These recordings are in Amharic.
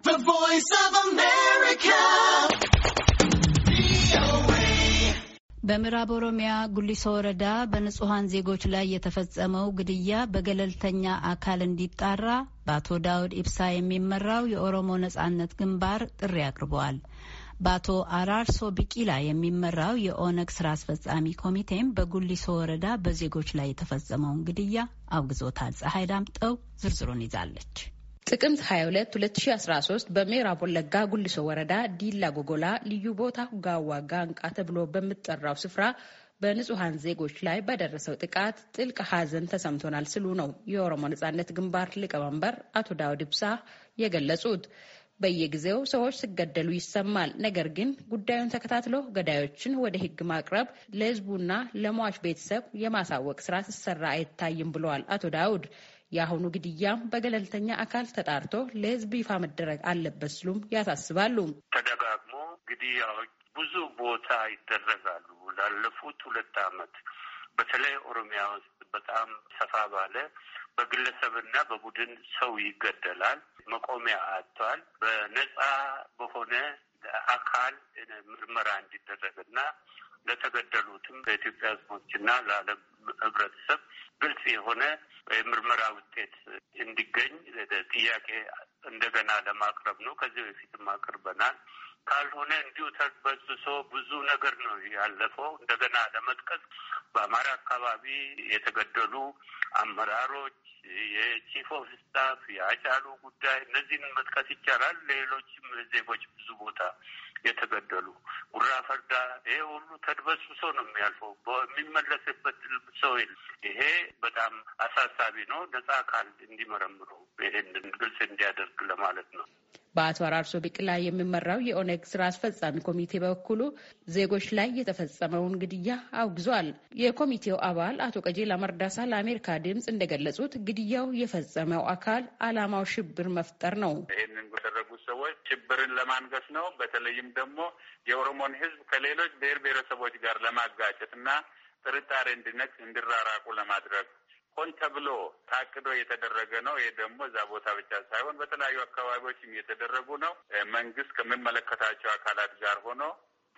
The Voice of America. በምዕራብ ኦሮሚያ ጉሊሶ ወረዳ በንጹሐን ዜጎች ላይ የተፈጸመው ግድያ በገለልተኛ አካል እንዲጣራ በአቶ ዳውድ ኢብሳ የሚመራው የኦሮሞ ነጻነት ግንባር ጥሪ አቅርበዋል። በአቶ አራርሶ ቢቂላ የሚመራው የኦነግ ስራ አስፈጻሚ ኮሚቴም በጉሊሶ ወረዳ በዜጎች ላይ የተፈጸመውን ግድያ አውግዞታል። ፀሐይ ዳምጠው ዝርዝሩን ይዛለች። ጥቅምት 22 2013 በምዕራብ ወለጋ ጉልሶ ወረዳ ዲላ ጎጎላ ልዩ ቦታ ጋዋ ጋንቃ ተብሎ በምጠራው ስፍራ በንጹሐን ዜጎች ላይ በደረሰው ጥቃት ጥልቅ ሐዘን ተሰምቶናል ሲሉ ነው የኦሮሞ ነጻነት ግንባር ሊቀመንበር አቶ ዳውድ ብሳ የገለጹት። በየጊዜው ሰዎች ሲገደሉ ይሰማል። ነገር ግን ጉዳዩን ተከታትሎ ገዳዮችን ወደ ሕግ ማቅረብ ለሕዝቡና ለሟች ቤተሰብ የማሳወቅ ስራ ሲሰራ አይታይም ብለዋል አቶ ዳውድ። የአሁኑ ግድያም በገለልተኛ አካል ተጣርቶ ለህዝብ ይፋ መደረግ አለበት ሲሉም ያሳስባሉ። ተደጋግሞ ግድያዎች ብዙ ቦታ ይደረጋሉ። ላለፉት ሁለት አመት በተለይ ኦሮሚያ ውስጥ በጣም ሰፋ ባለ በግለሰብና በቡድን ሰው ይገደላል። መቆሚያ አጥቷል። በነጻ በሆነ አካል ምርመራ እንዲደረግና ለተገደሉትም ለኢትዮጵያ ህዝቦችና ለዓለም ህብረተሰብ ግልጽ የሆነ የምርመራ ውጤት እንዲገኝ ጥያቄ እንደገና ለማቅረብ ነው። ከዚህ በፊትም አቅርበናል። ካልሆነ እንዲሁ ተበዝሶ ብዙ ነገር ነው ያለፈው። እንደገና ለመጥቀስ በአማራ አካባቢ የተገደሉ አመራሮች፣ የቺፍ ኦፍ ስታፍ፣ የአጫሉ ጉዳይ እነዚህን መጥቀስ ይቻላል። ሌሎችም ዜጎች ብዙ ቦታ የተገደሉ ጉራ ፈርዳ፣ ይሄ ሁሉ ተድበስብሶ ነው የሚያልፈው። የሚመለስበት ሰው ይሄ በጣም አሳሳቢ ነው። ነጻ አካል እንዲመረምሩ ይህንን ግልጽ እንዲያደርግ ለማለት ነው። በአቶ አራርሶ ቢቅላ የሚመራው የኦነግ ስራ አስፈጻሚ ኮሚቴ በበኩሉ ዜጎች ላይ የተፈጸመውን ግድያ አውግዟል። የኮሚቴው አባል አቶ ቀጀላ መርዳሳ ለአሜሪካ ድምፅ እንደገለጹት ግድያው የፈጸመው አካል ዓላማው ሽብር መፍጠር ነው። ይህንን ያደረጉት ሰዎች ሽብርን ለማንገስ ነው። በተለይም ደግሞ የኦሮሞን ሕዝብ ከሌሎች ብሔር ብሔረሰቦች ጋር ለማጋጨት እና ጥርጣሬ እንዲነግስ እንዲራራቁ ለማድረግ ሆን ተብሎ ታቅዶ የተደረገ ነው። ይህ ደግሞ እዛ ቦታ ብቻ ሳይሆን በተለያዩ አካባቢዎችም እየተደረጉ ነው። መንግስት ከሚመለከታቸው አካላት ጋር ሆኖ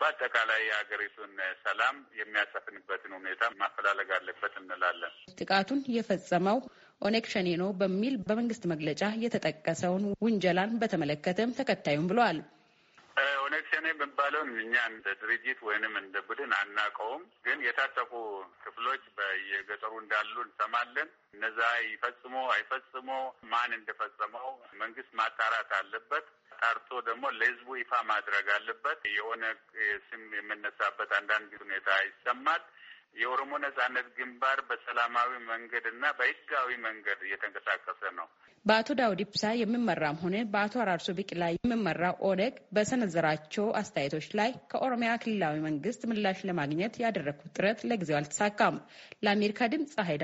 በአጠቃላይ የሀገሪቱን ሰላም የሚያሰፍንበትን ሁኔታ ማፈላለግ አለበት እንላለን። ጥቃቱን የፈጸመው ኦነግ ሸኔ ነው በሚል በመንግስት መግለጫ የተጠቀሰውን ውንጀላን በተመለከተም ተከታዩም ብለዋል። ኦነግ ሸኔ የሚባለውን እኛ እንደ ድርጅት ወይንም እንደ ቡድን አናውቀውም። ግን የታጠቁ ክፍሎች የገጠሩ እንዳሉ እንሰማለን። እነዛ ይፈጽሞ አይፈጽሞ ማን እንደፈጸመው መንግስት ማጣራት አለበት። ጣርቶ ደግሞ ለህዝቡ ይፋ ማድረግ አለበት። የሆነ ስም የምነሳበት አንዳንድ ሁኔታ ይሰማል። የኦሮሞ ነጻነት ግንባር በሰላማዊ መንገድ እና በህጋዊ መንገድ እየተንቀሳቀሰ ነው። በአቶ ዳውድ ኢብሳ የሚመራም ሆነ በአቶ አራርሶ ቢቅላ የሚመራው ኦነግ በሰነዘራቸው አስተያየቶች ላይ ከኦሮሚያ ክልላዊ መንግስት ምላሽ ለማግኘት ያደረግኩት ጥረት ለጊዜው አልተሳካም። ለአሜሪካ ድምፅ ሀይዳ